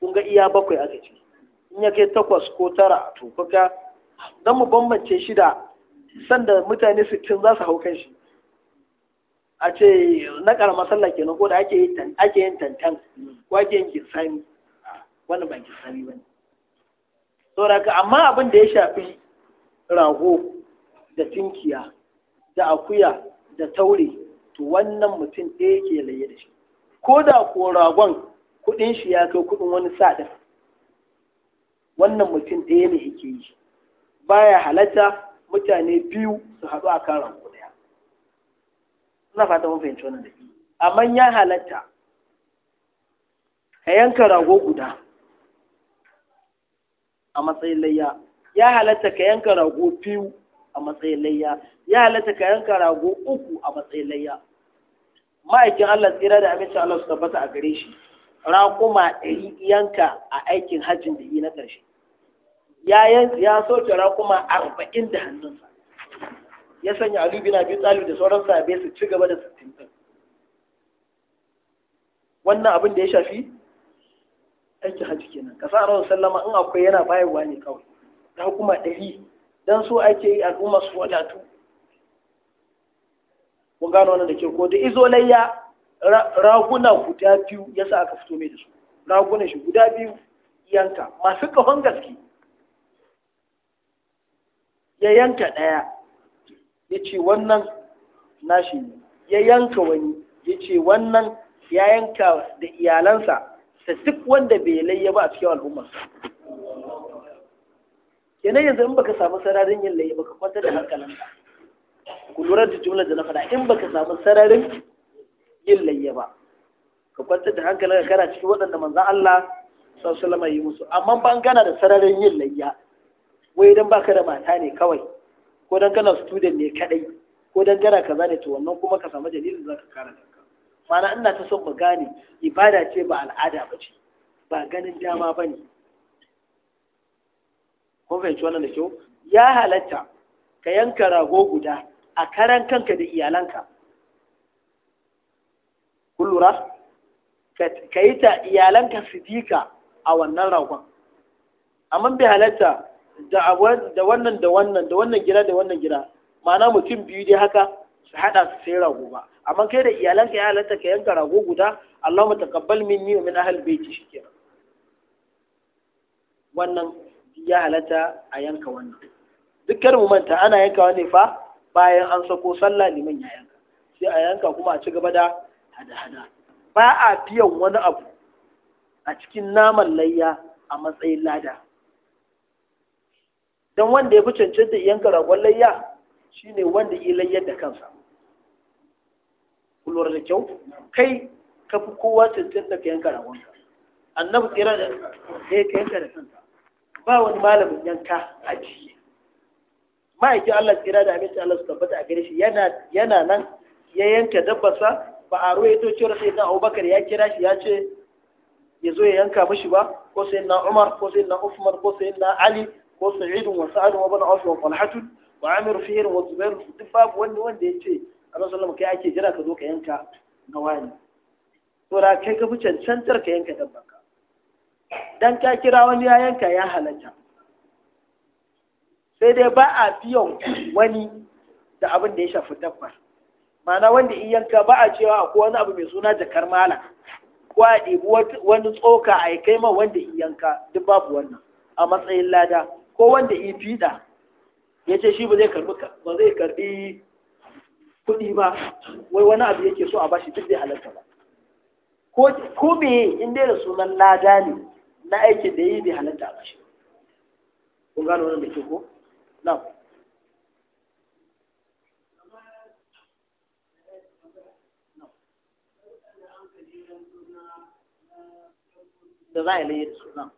Speaker 1: kun ga iya bakwai aka ce in ya kai takwas ko tara to kaga dan mu bambance shida sanda mutane kin za su hau kan shi a ce na ƙarama sallah nan ko da ake yin tantan ko ake yin girsani wannan ba kisani ba ne saboda amma abin da ya shafi rago da tinkiya da akuya da taure to wannan mutum ɗaya ke laye da shi ko da ko ragon kuɗin shi ya kai kuɗin wani sadar wannan mutum ɗaya ne yake yi baya halatta mutane biyu su haɗu a kan rago ina fata mun fahimci wannan amma ya halatta ka yanka rago guda a matsayin layya ya halatta ka yanka rago biyu a matsayin layya ya halatta ka yanka rago uku a matsayin layya ma'aikin Allah tsira da amincin Allah su tabbata a gare shi raƙuma ɗari yanka a aikin hajjin da yi na ƙarshe ya yanzu ya soke raƙuma arba'in da hannunsa ya sanya Ali bin Abi Talib da sauran sahabbai su ci gaba da sittin din wannan abin da ya shafi aiki hajji kenan Ka a sallama in akwai yana bayarwa ne kawai Ta hukuma ɗari dan so ake yi al'umma su wadatu kun gano wannan da ke ko da izolayya raguna guda biyu ya sa aka fito mai da su Raguna shi guda biyu yanka masu kafan gaske ya yanka ɗaya ya ce wannan nashi ne ya yanka wani ya ce wannan ya yanka da iyalansa da duk wanda bai layya ba a cikin al'umma kenan yanzu in baka samu sararin yin layya baka kwantar da hankalinka ku lura da jumlar da na faɗa in baka samu sararin yin layya ba ka kwantar da hankalinka kana cikin waɗanda manzan Allah sallallahu alaihi wasallam yi musu amma ban gana da sararin yin layya wai idan baka da mata ne kawai ko dan kana student ne kadai ko dan gara ka zane to wannan kuma ka samu dalilin zaka kare kanka mana ina ta son mu gane ibada ce ba al'ada ba ce ba ganin dama ba ne bai fahimci wannan da kyau ya halatta ka yanka rago guda a karan kanka da iyalanka kun ka yi ta iyalanka sidika a wannan ragon amma bai halatta da wannan da wannan da wannan gida da wannan gida ma'ana mutum biyu dai haka su haɗa su sai rago ba amma kai da iyalanka ya halatta ka yanka rago guda Allah mu taqabbal minni wa min ahli baiti shikenan wannan ya halatta a yanka wannan dukkan mu manta ana yanka wani fa bayan an sako sallah liman ya yanka sai a yanka kuma a ci gaba da hada-hada ba a biyan wani abu a cikin naman layya a matsayin lada don wanda ya fi cancanta iyan karagon layya shine wanda ya layyar da kansa kulwar da kyau kai ka fi kowa cancanta ka yanka ragon ka annabi tsira da ya eh, ka yanka da kansa ba wani malamin yanka a jiye ma'aikin Allah tsira da aminci Allah su tabbata a gare shi yana nan ya yanka dabbarsa ba a ruwa ya to cewar sai na Abubakar ya kira shi ya ce ya zo ya yanka mashi ba ko sai na Umar ko sai na Usman, ko sai na Ali Ko وسعد وابن عوف وطلحة وعامر فير وزبير دباب وان وان da yace Allah sallama kai ake jira ka zo ka yanka na wani kai ka fi cancantar ka yanka dabbanka dan ka kira wani ya yanka ya halatta sai dai ba a biyan wani da abin da ya shafi dabbar ma'ana wanda in yanka ba'a cewa akwai wani abu mai suna jakar mala ko a ɗebi wani tsoka a kai ma wanda in duk babu wannan a matsayin lada ko wanda ya fiɗa ya ce shi ba zai karɓi ba zai kuɗi ba wai wani abu yake so a bashi duk zai halarta ba ko me in dai da sunan lada ne na aikin da yi bai halarta a bashi kun gano wannan da ke ko na da za a yi layi da suna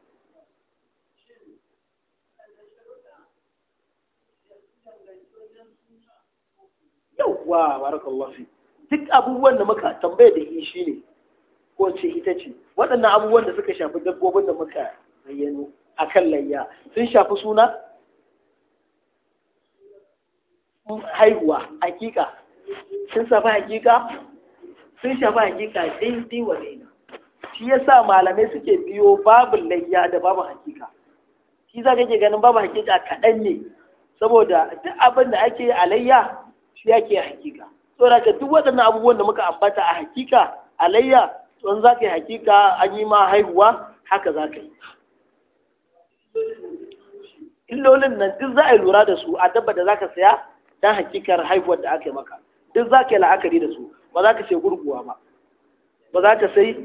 Speaker 1: yawwa barakallahu fi duk abubuwan da muka tambaya da yi shine ko ce ita ce waɗannan abubuwan da suka shafi dabbobin da muka bayyano a kan layya sun shafi suna haihuwa hakika sun shafi hakika sun shafi hakika daidai wa daina shi yasa malamai suke biyo babu layya da babu hakika shi za ka ke ganin babu hakika kaɗan ne saboda duk abin da ake alayya shi yake hakika saboda ka duk waɗannan abubuwan da muka ambata a hakika alayya don za ka yi hakika an yi ma haihuwa haka za ka yi illolin nan duk za a yi lura da su a dabba da za ka saya don hakikar haihuwar da aka yi maka duk za ka yi la'akari da su ba za ka sai gurguwa ba ba za ka sai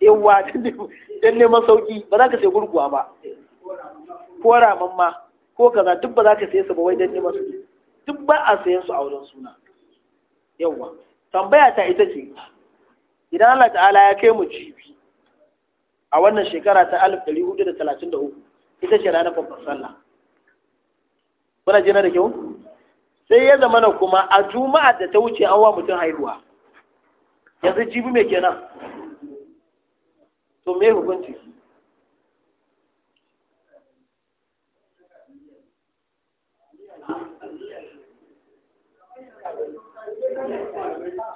Speaker 1: yawa don neman sauki ba za ka sai gurguwa ba ko ramamma ko kaza duk ba za ka sai su ba wai don neman sauki duk ba a sayan su a wurin suna yawa tambaya ta ita ce idan Allah ta'ala ya kai mu jibi a wannan shekara ta 1433 ita ce ranar babban sallah kuna jina da kyau sai ya zama na kuma a juma'a da ta wuce an wa mutum haihuwa yanzu jibi mai kenan to me hukunci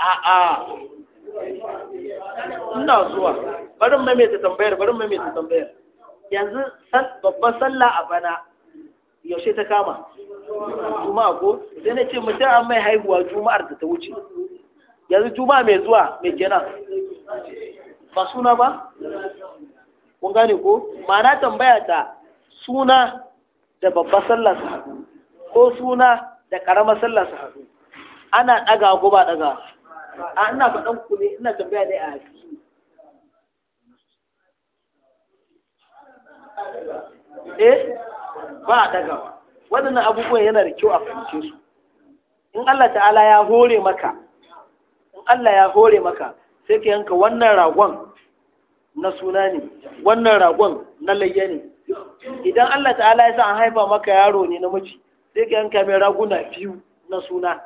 Speaker 1: a'a ina zuwa barin maimaita tambayar barin maimaita tambayar yanzu babban sallah a bana yaushe ta kama juma'a ko sai na ce mutum an mai haihuwa juma'ar da ta wuce yanzu juma'a mai zuwa mai kenan ba suna ba kun gane ko ma'ana tambaya ta suna da babban sallah su haɗu ko suna da ƙaramar sallah su haɗu ana ɗaga ko ba ɗaga a ina faɗan ku ne ina tambaya dai a haƙi eh ba a ɗaga waɗannan abubuwan yana da kyau a fahimce su in Allah ta'ala ya hore maka in Allah ya hore maka sai ka yanka wannan ragon na suna ne wannan ragon na layya ne idan Allah ta'ala ya sa an haifa maka yaro ne namiji sai ka yanka mai raguna biyu na suna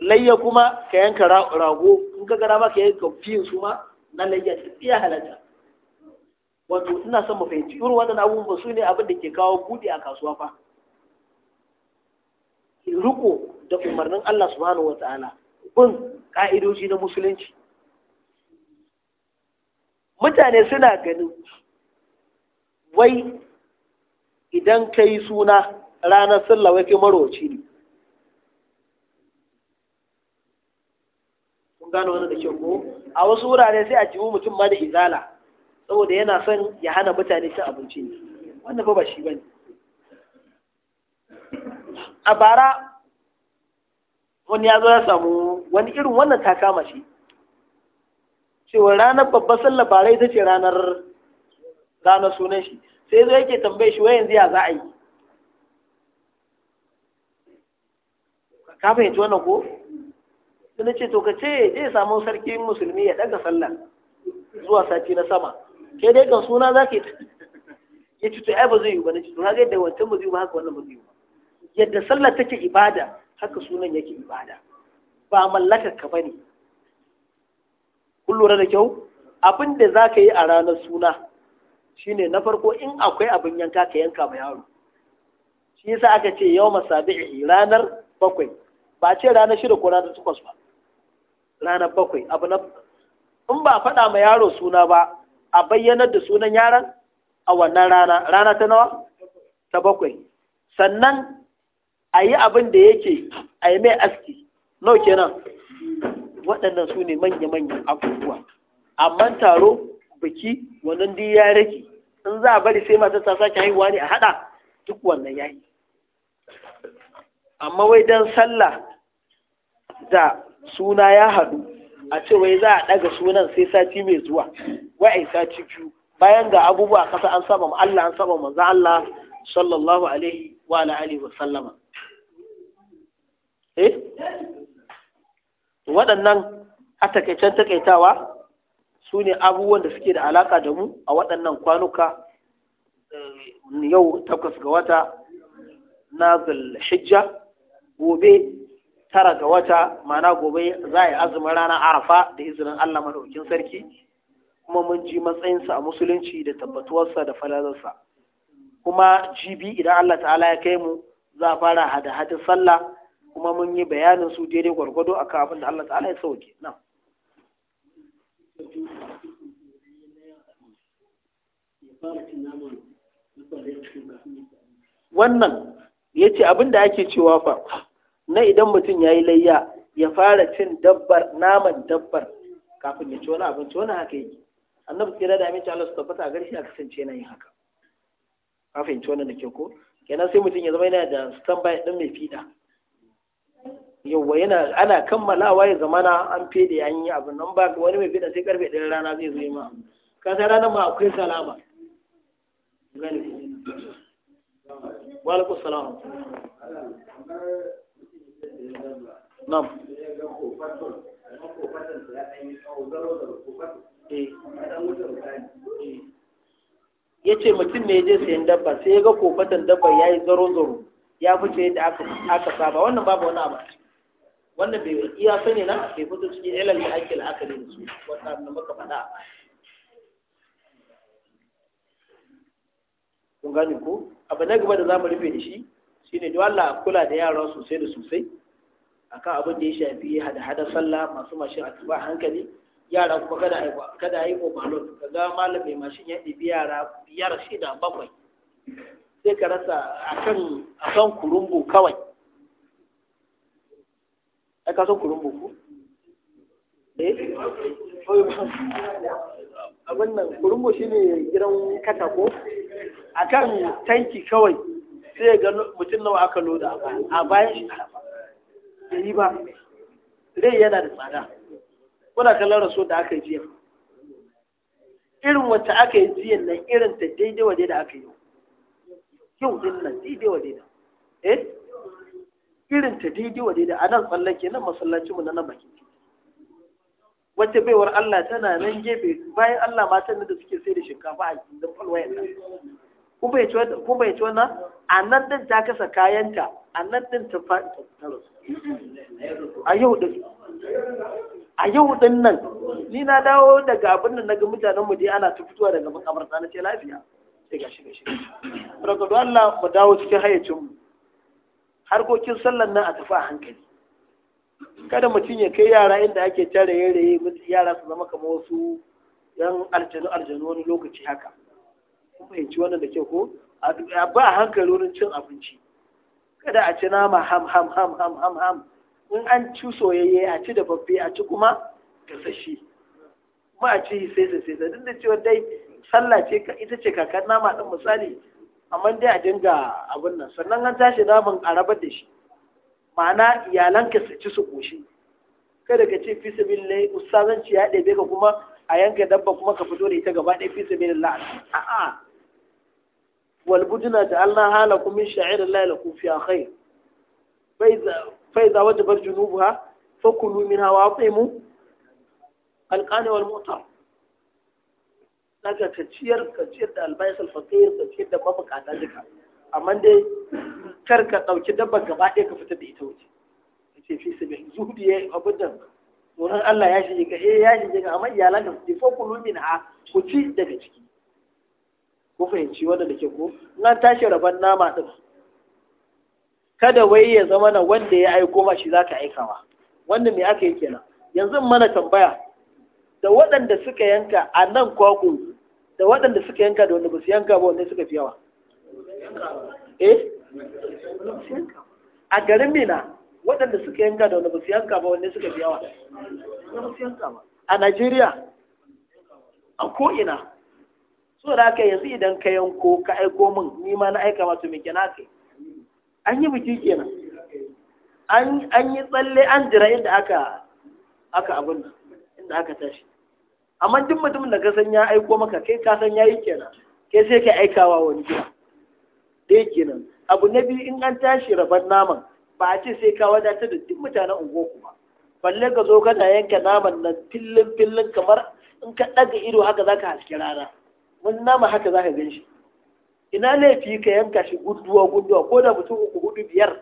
Speaker 1: layya kuma ka yanka rago in ka gara ma ka yanka fiyin su ma na layya ta. iya halatta wato ina son mu fahimci irin wannan abubuwa su ne abin da ke kawo buɗe a kasuwa fa riko da umarnin Allah subhanahu wataala bin ka'idoji na musulunci mutane suna ganin wai idan ka yi suna ranar sallah wai kai ne kun gano wani da kyau ko a wasu wurare sai a jiwo mutum ma da izala saboda yana son ya hana mutane cin abinci wannan ba shi bane a bara wani ya zo ya samu wani irin wannan ta kama shi cewa ranar babbar sallah bara ita ce ranar ranar sunan shi sai zo yake tambaye shi wai yanzu ya za a yi ka fahimci wannan ko sun na ce to ka ce je samu sarkin musulmi ya daga sallah zuwa sati na sama ke dai kan suna za ki ya ce ya ba zai yi ba na haka yadda wancan ba zai ba haka wannan ba zai yi ba yadda sallah take ibada haka sunan yake ibada ba mallakar ka bane kun lura da kyau abin da za ka yi a ranar suna shine na farko in akwai abin yanka ka yanka ma yaro shi yasa aka ce yau masabi'i ranar bakwai ba ce ranar shida ko ranar takwas ba ranar bakwai abu na in ba faɗa ma yaro suna ba a bayyanar da sunan yaran a wannan rana rana ta nawa ta bakwai sannan a yi abin da yake a yi mai aski nau kenan waɗannan su ne manya-manyan abubuwa amma taro biki wannan duk ya rage in za a bari sai mata ta sake haihuwa ne a haɗa duk wannan ya yi amma wai don sallah da suna ya haɗu a ce wai za a ɗaga sunan sai sati mai zuwa wa'ai sati biyu bayan ga abubuwa a ƙasa an saba Allah an saba manzo Allah sallallahu alaihi wa alihi wa sallama eh waɗannan a takaicen takaitawa su ne abubuwan da suke da alaka da mu a waɗannan kwanuka eh, yau takwas ga wata na zulhijja gobe tara ga wata mana gobe za a yi azumin ranar arafa da izinin Allah madaukin sarki kuma mun ji matsayinsa a musulunci da tabbatuwarsa da falalarsa kuma jibi idan Allah ta'ala ya kai mu za a fara hada hadin sallah kuma mun yi bayanin su daidai gwargwado a abin da Allah ta'ala ya sauke nan wannan ya ce abin da ake cewa fa na idan mutum ya yi layya ya fara cin dabbar naman dabbar kafin ya ci wani abinci wani haka yake annabi tsira da aminci Allah su tabbata a garshi a kasance yana yin haka ka fahimci wannan da ke ko kenan sai mutum ya zama yana da standby din mai fida yawwa yana ana kammalawa ya zama na an fede an yi abin nan ba wani mai fida sai karfe ɗaya rana zai zo ma ka sai ranar ma akwai salama gani wa alaikum salam na'am ya ce mutum ne je sayan dabba sai ya ga kofatan dabba ya yi zaro-zaro ya fice yadda aka saba wannan babu wani abu wannan bai iya sani na ke fito cikin ilal da ake la'akari da su wata abin faɗa a kun gane ko abu na gaba da za mu rufe da shi shine duk Allah kula da yara sosai da sosai akan abin da ya shafi hada-hada sallah masu mashin a tuba hankali yara kuma kada a yi kada a yi overload kaga malamin mashin ya ɗibi yara biyar shida bakwai sai ka rasa akan akan kurumbu kawai ai ka san kurumbu ko eh abin nan kurumbu shine gidan katako akan tanki kawai sai ga mutum nawa aka loda a bayan shi sayi ba rai yana da tsada kuna kallon rasu da aka yi jiya irin wacce aka yi jiyan nan irin ta daidai wa da aka yi yau din nan daidai wa da eh irin ta daidai wa da a nan tsallake nan masallacinmu na nan baki. titi wacce baiwar Allah tana nan gefe bayan Allah matan da suke sai da shinkafa a cikin falwayen nan bai ci wannan a nan din ta kasa kayanta a nan din ta faɗi a yau din a yau din nan ni na dawo daga abin nan ga mutanen mu dai ana ta fitowa daga makabarta na ce lafiya sai da gashi rakadu Allah mu dawo cikin hayyacin mu harkokin sallan nan a tafi a hankali kada mutum ya kai yara inda ake tare yare yara su zama kamar wasu yan aljanu aljanu wani lokaci haka fahimci wannan da ke ko a ba hankali wurin cin abinci kada a ci nama ham ham ham ham ham ham in an ci soyayye a ci dafaffe a ci kuma gasashe, kuma a ci sai sai sai duk da cewa dai sallah ce ita ce kakar nama din misali amma dai a dinga abin nan sannan an tashi naman a rabar da shi ma'ana iyalanka su ci su koshi kada ka ce fi lai ustazanci ya ɗebe ka kuma a yanka dabba kuma ka fito da ita gaba ɗaya fi lai a'a والبدنة جعلناها لكم من شعير الله لكم فيها خير فإذا, فإذا وجبت جنوبها فكلوا منها وأطعموا القاني والمؤتر daga kaciyar kaciyar da albayis alfaqir kaciyar da mabukata duka amma dai kar ka ɗauki dabbar gaba ɗaya ka fitar da ita waje. ce fi sabi zuhudi ya abin Allah ya shige ka eh ya shige ka amma iyalan da ku ci daga ciki ku fahimci wanda da ke ko nan tashi rabon nama din kada wai ya zama na wanda ya aiko ma shi za aika aikawa. wanda me aka yi kenan yanzu mana tambaya da waɗanda suka yanka a nan kwakwo da waɗanda suka yanka da wanda ba su yanka ba wanda suka fi yawa eh a garin mina waɗanda suka yanka da wanda ba su yanka ba wanda suka fi yawa a Najeriya a ko'ina so da yi yanzu idan ka yanko ka aiko min ni ma na aika masu mai kina yi. an yi biki kenan an yi tsalle an jira inda aka aka abin inda aka tashi amma duk mutumin da ka san ya aiko maka kai ka san yayi kenan kai sai ka aikawa wani gida dai kenan abu na biyu in an tashi rabar naman ba a ce sai ka wadatar da duk mutanen unguwarku ba balle ka zo kana yanka naman nan fillin fillin kamar in ka ɗaga ido haka zaka haske rana wani nama haka za ka gan shi ina laifi ka yanka shi gudduwa gudduwa ko da mutum uku hudu biyar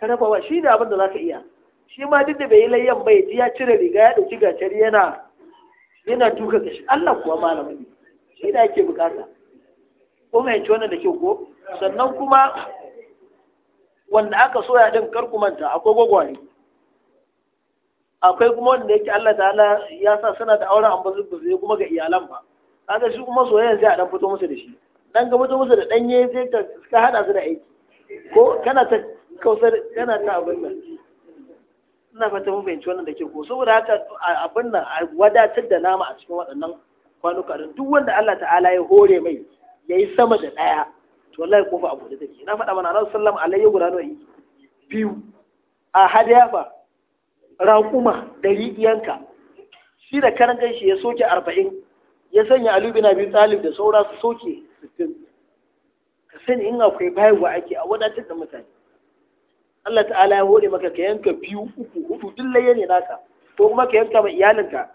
Speaker 1: ka wa? shi ne abin da za ka iya shi ma duk da bai yi layyan bai ji ya cire riga ya ɗauki gacari yana yana tuka shi Allah kuwa malamin ne shi ne ake bukata ko fahimci wannan da kyau ko sannan kuma wanda aka soya din kar ku manta akwai gwagware akwai kuma wanda yake Allah ta'ala ya sa suna da auren amma zai kuma ga iyalan ba kaga shi kuma soyayya sai a dan fito musu da shi dan ga fito musu da danye sai ka ka hada su da aiki ko kana ta kausar kana ta abin nan ina fata mun fahimci wannan da ke ko saboda haka abin nan a wadatar da nama a cikin waɗannan kwanuka da duk wanda Allah ta'ala ya hore mai yayi sama da daya to wallahi kofa abu da take na faɗa mana Allah sallallahu alaihi wa sallam biyu a hadiya ba raƙuma da riƙiyanka shi da karan shi ya soke arba'in ya sanya Ali bin Abi Talib da saura su soke sittin ka sani in akwai wa ake a wadatar da mutane Allah ta'ala ya hore maka ka yanka biyu uku hudu duk laye ne naka ko kuma ka yanka mai iyalinka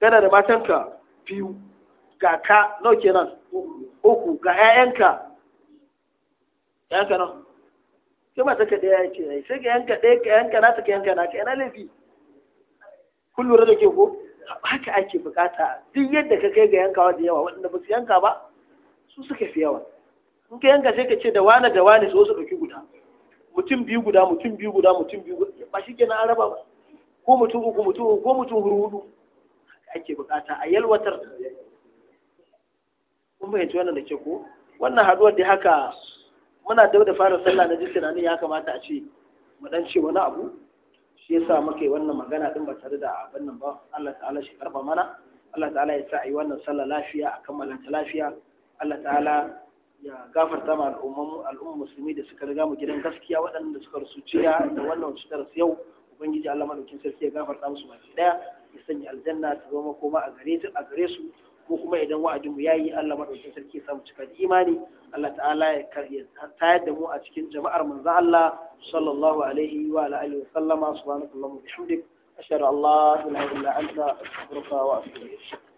Speaker 1: kana da matanka biyu ga ka nau kenan uku ga 'ya'yanka yanka nan sai mata ka ɗaya ce sai ka yanka ɗaya ka yanka na ta ka yanka na ka yana laifi Kullum da ke ko haka ake bukata duk yadda ka kai ga yankawa da yawa waɗanda ba su yanka ba su suka fi yawa in ka yanka sai ka ce da wane da wane su su ɗauki guda mutum biyu guda mutum biyu guda mutum biyu guda ba shi kenan araba ba ko mutum uku mutum uku ko mutum hudu haka ake bukata a yalwatar kun fahimci wannan da ke ko wannan haɗuwar da haka muna dau da fara sallah na ji tunanin ya kamata a ce mu dan ce wani abu shi yasa muke wannan magana din ba tare da abin nan ba Allah ta'ala shi karba mana Allah ta'ala ya sa a yi wannan sallah lafiya a kammala ta lafiya Allah ta'ala ya gafarta ma al'umman musulmi da suka riga mu gidan gaskiya da suka rasu jiya da wannan cutar yau ubangiji Allah madaukin sarki ya gafarta musu baki daya ya sanya aljanna ta zama koma a gare su ko kuma idan wa'adin mu yayi Allah madaukakin sarki ya samu cika imani Allah ta'ala ya tayar da mu a cikin jama'ar manzon Allah sallallahu alaihi wa alihi wa sallama subhanakallahumma bihamdik ashhadu an la ilaha illa anta astaghfiruka wa atubu ilayk